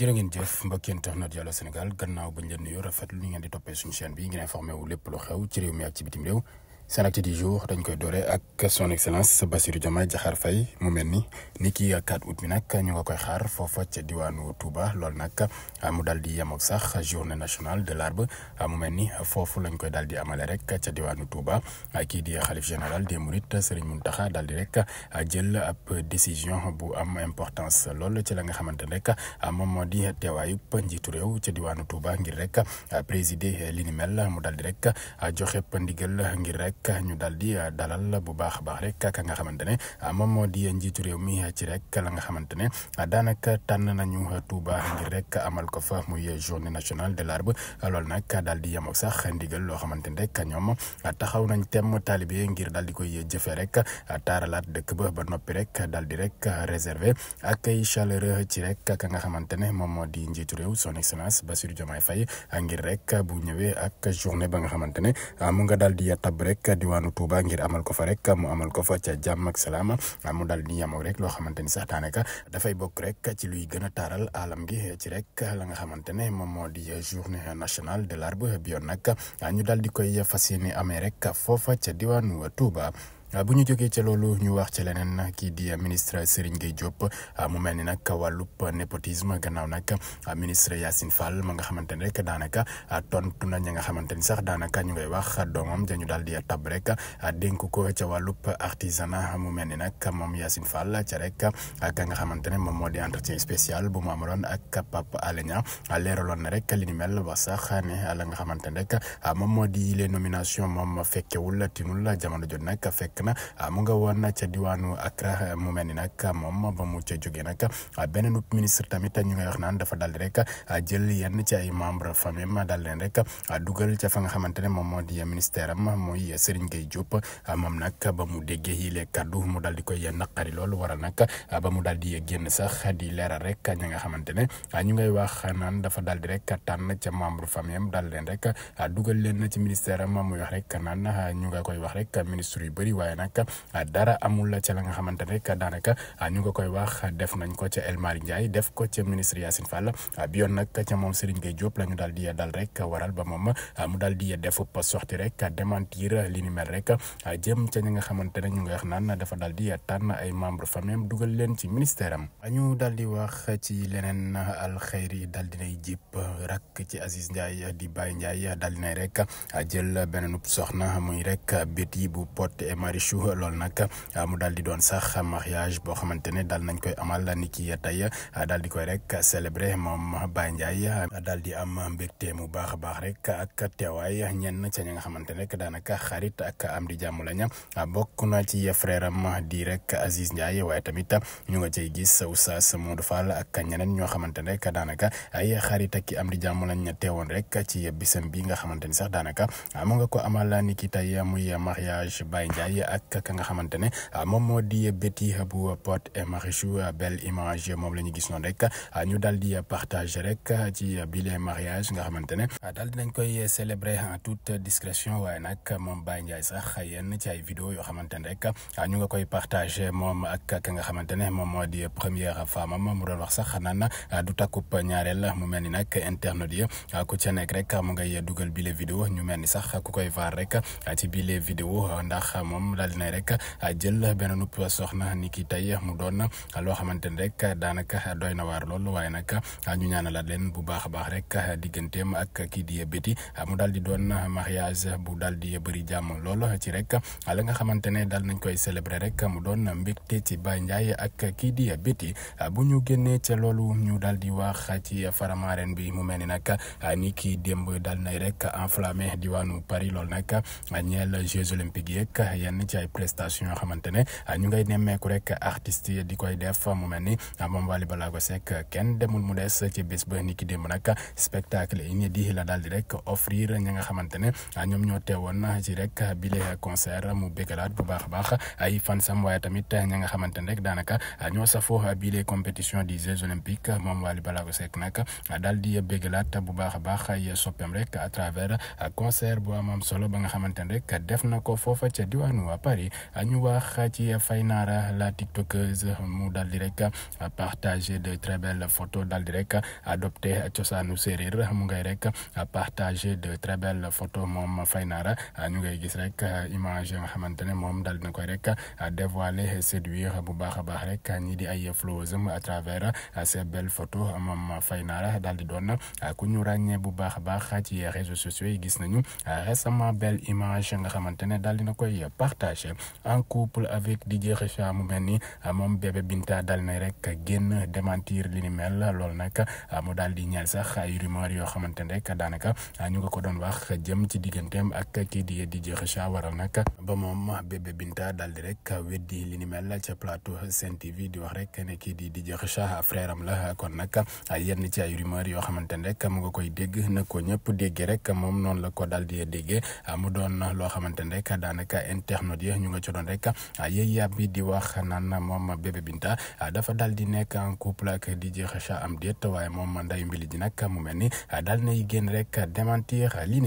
jërë ngeen jëf mbokki internet Allô Sénégal gannaaw bañ leen nuyu rafetlu ni ngeen di toppee suñu chaîne bi ngeen informé wu lépp lu xew ci réew mi ak seen acte du jour dañ koy doore ak son excellence Bassirou Diomaye Diakhar fay mu mel ni nit ki 4 out bi nag ñu nga koy xaar foofa ca diwaanu Touba loolu nag mu daal di yem ak sax journée nationale de l'arbre mu mel ni foofu lañ koy daal di amale rek ca diwaanu ak kii di xalif général des Mourides Serigne Mountakha daal di rek jël ab décision bu am importance lool ci la nga xamante ne rek moom moo di teewaayub njiitu réew ca diwaanu Touba ngir rek présider li ni mel mu daal di rek joxe ndigal ngir rek. rek ñu daal di ah, dalal bu baax a baax rek ka nga xamante ne ah, moom moo di njiitu réew mi ci rek la nga xamante ne ah, daanaka tànn nañu Touba ngir rek amal ko fa muy journée nationale de l'arbre loolu nag daal di yem ak sax ndigal loo xamante ne rek ñoom taxaw nañ temm taalibe ngir daal di koy jëfee rek taaralaat dëkk ba ba noppi rek daal di rek réservé accueil chaleureux ci rek ka nga xamante ne moom moo di njiitu réew son excellence Bassirou Diomaye Faye ngir rek bu ñëwee ak journée ba nga xamante ne mu nga daal di tabb rek. rek diwaanu Touba ngir amal ko fa rek mu amal ko fa ca jàmm ak salaam mu dal di yemoo rek loo xamante ni sax daanaka dafay bokk rek ci luy gën a taaral alam gi ci rek la nga xamante ne moom moo di journée nationale de l'arbre bi yoon nag ñu dal di koy fas yéene amee rek foofa ca diwaanu Touba. Ah, bu ñu jógee ca loolu ñu wax ca leneen kii di ministre Serigne Gueye Diop ah, mu mel ni nag wàllub népotisme gannaaw nag ah, ministre Yacine Fall ma nga xamante ne rek daanaka ton na ñi nga xamante ni sax daanaka ñu ngay wax doomam dañu daal di tab rek dénk ko ca wàllub artisanat mu mel ni nag moom Yacine Fall ca rek ka nga xamante ne moom moo di entretien spécial bu mu amaloon ak Pape Alé Niang leeraloon na rek li ni mel wax sax ne la nga xamante ne rek moom moo di les nominations moom fekkewul tinul jamono jot nag fekk. fekk na ah, mu nga woon ca diwaanu Accra eh, mu mel ni nag moom ma ba mu ca jógee nag ah, beneen ministre tamit ñu ngay wax naan dafa daal rek ah, jël yenn ci ay membre famille am daal leen rek dugal ca fa nga xamante ne moom moo di ministère am mooy Serigne Gueye ba mu déggee yi les kaddu mu daal di koy naqari loolu waral nag ba mu daal di génn sax di leeral rek ñi nga xamante ne ñu ngay wax naan dafa daal di rek tànn ca membre famille am daal leen rek dugal leen ci ministère am muy wax rek naan ñu nga koy wax rek ministre yu bëri waaye waaye nag dara amul ca la nga xamante ne daanaka ñu nga koy wax def nañ ko ca El Malick Ndiaye def ko ca ministre Yacine Fall bi yoon nag ca moom Serigne Gueye Diop la ñu daal di dal rek waral ba moom mu daal di def sorti rek démentir li ni mel rek jëm di tànn ay membre famille dugal leen ci ministère am di wax ci leneen alxeyri daal dinay jip rak ci Aziz di Baye Ndiaye daal dinay rek jël beneen soxna muy rek bét yi bu Pod et échou loolu nag ah, mu daal di doon sax mariage boo xamante ne daal nañ koy amal ni ki tey ah, daal di koy rek célébrer moom Baye Ndiaye ah, daal di am mbégte mu baax a baax rek ak teewaay ñenn ca ñi nga xamante ne daanaka xarit ak am di jàmm lañ bokk na ci frère am di rek waaye tamit ñu nga cey gis Oustaz Modou Fall ak ñeneen ñoo xamante ne daanaka ay xarit ak am di jàmm lañ teewoon rek ci bisam bi nga xamante ni sax daanaka mu nga ko muy mariage Baye Ndiaye ak ka nga xamante ne ah, moom moo di Betty bu Pod et Marichou ah, belle image moom la ñu gis noonu rek ah, ñu daal di partager rek ci bile mariage nga xamante ne daal dinañ koy célébrer en toute discrétion waaye nag moom Baye Ndiaye sax yenn ci ay vidéo yoo xamante ne rek ñu nga koy partager moom ak ka nga xamante ne moom moo di première femme am mu doon wax sax naan du takkub ñaareel mu mel ni nag internet yi ku ca nekk rek mu ngay dugal bile vidéo ñu mel ni sax ku koy vaar rek ci bile vidéo ndax moom daal dinay rek ah, jël benn nupp soxna ni ki tey mu doon loo xamante ni rek daanaka doy na waar lool waaye a ah, ñu la leen bu baax a baax rek ah, digganteem ak kii di Betty mu daal di doon mariage bu daal di bëri jàmm lool ci rek la nga xamante ne daal nañ koy célébrer rek mu doon mbégte ci Baye Ndiaye ak kii di Betty bu ñu génnee ca loolu ñu daal di wax ci faramaren bi mu mel ni nag ni ki démb daal nay rek enflammé diwaanu Paris loolu nag yenn ci ay prestation a xamante ne ah, ñu ngay nemmeeku rek artistes yi di koy def mu mel ni ah, moom Wally Ballago Seck kenn demul mu des ci bis ba niki démb nag spectacle inédit la daal rek offrir ñi nga xamante ne ah, ñoom ñoo teewoon ci rek bile concert mu béggalaat bu baax a baax ay fansam waaye tamit ñi nga xamante rek daanaka ñoo safoo bile compétition des Jeux olympiques a baax ay soppeem rek à travers concert bu am am solo ba nga xamante ne rek def waa Paris ñu wax ci Faynara la tiktokeuse mu daal di rek partager de très belles photos daal di rek adopté cosaanu séeréer mu ngay rek partager de très belles photos moom fay Faynara ñu ngay gis rek image nga xamante ne moom daal dina koy rek dévoiler séduire bu baax a baax rek ñi di ay flowsam à travers ces belles photos moom Faynara daal di doon ku ñu ràññee bu baax a baax ci réseaux sociaux yi gis nañu récemment belle image nga xamante ne daal dina koy partager reportage en couple avec Didier Recha mu mel ni moom bébé Binta dal na rek génn démentir li ni mel mu daal di ñeel sax ay rumeur yoo xamante ne rek daanaka ñu nga ko doon wax jëm ci digganteem ak kii di Didier Recha waral nag ba moom bébé Binta daal di rek weddi li ni mel ca plateau Sen TV di wax rek ne kii di Didier Recha frère am la kon nag yenn ci ay rumeur yoo xamante ne mu nga koy dégg na ko ñëpp déggee rek moom noonu la ko daal di déggee mu doon loo xamante ne daanaka interne. internet yi ñu nga ci doon rek yéey ah, yàb bi di wax naan moom ah, di nekk en couple ak DJ Kheucha am déet waaye moom nday mbili ji nag mu mel ni ah, daal nay génn rek démentir li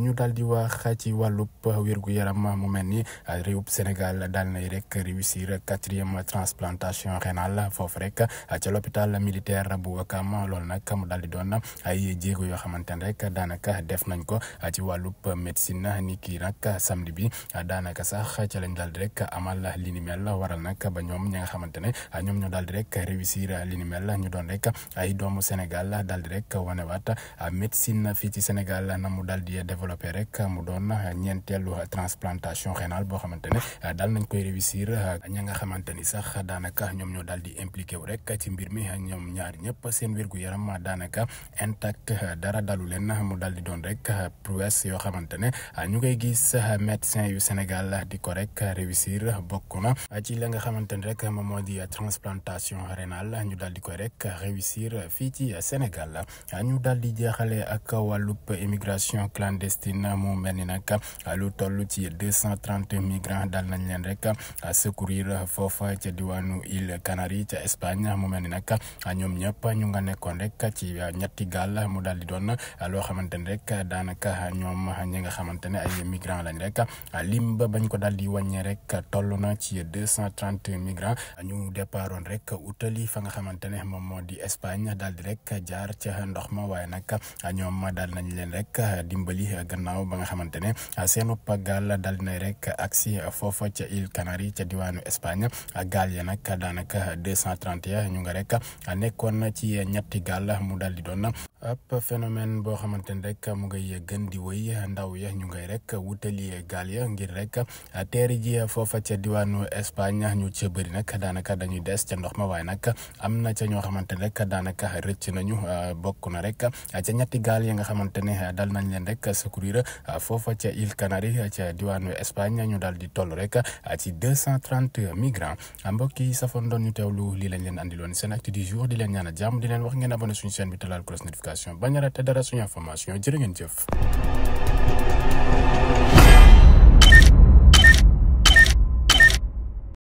ñu daal di wax ci wàllub wér-gu-yaram mu mel ni réewub Sénégal daal nay rek réussir quatrième transplantation rénale foofu rek ca l'hôpital militaire bu Ouakam loolu nag mu daal di doon ay jéego yoo xamante ne rek daanaka def nañ ko ci wàllub médecine ni kii nag samedi bi daanaka daanaka sax ca lañ daal di rek amal li ni mel waral nag ba ñoom ñi nga xamante ne ñoom ñoo daal di rek réussir li ni mel ñu doon rek ay doomu Sénégal daal di rek wanewaat médecine fii ci Sénégal na mu daal di développé rek mu doon ñeenteelu transplantation rénale boo xamante daal nañ koy réussir ña nga sax daanaka ñoom ñoo daal di wu rek ci mbir mi ñoom ñaar ñëpp seen wérgu yaram daanaka intact dara dalu leen mu daal di doon rek prouesse yoo xamante ne ñu koy gis médecin daal di ko rek réussir bokk na ci la nga xamante ni rek moom moo di transplantation rénale ñu daal di koy rek réussir fii ci Sénégal ñu daal di jeexale ak wàllub immigration clandestine mu mel ni nag lu toll ci deux cent trente migrants daal nañ leen rek secourir foofa ca diwaanu île Canaries ca Espagne mu mel ni nag ñoom ñëpp ñu nga nekkoon rek ci ñetti gaal mu daal di doon loo xamante ni rek daanaka ñoom ñi nga xamante ne ay migrants lañ rek lim bañ ko daal di wàññee rek toll na ci deux cent trente migrants ñu départoon rek utali fa nga xamante ne moom moo di Espagne daal di rek jaar ca ndox ma waaye nag ñoom daal nañ leen rek dimbali gannaaw ba nga xamante ne seenu gaal daal di nay rek aksi foofa ca île Canaries ca diwaanu Espagne gaal ya nag daanaka deux cent ñu nga rek nekkoon na ci ñetti gaal mu daal di doon. ab phénomène boo xamante ni rek mu ngay gën di wëy ndaw ya ñu ngay rek wutali gaal ya ngir rek teeri ji foofa ca diwaanu Espagne ñu ca bëri nag daanaka dañuy des ca ndox ma waaye nag am na ca ñoo xamante ne rek daanaka rëcc nañu bokk na rek ca ñetti gaal ya nga xamante ne dal nañ leen rek secourir foofa ca île Canaries ca diwaanu Espagne ñu daal di toll rek ci deux cent trente migrants mbokk yi safoon doon ñu teewlu lii lañ leen andiloon seen acte du jour di leen ñaan a jàmm di leen wax ngeen abonné suñu chaîne bi notification ba nga raté dara suñu information jërë ngeen jëf.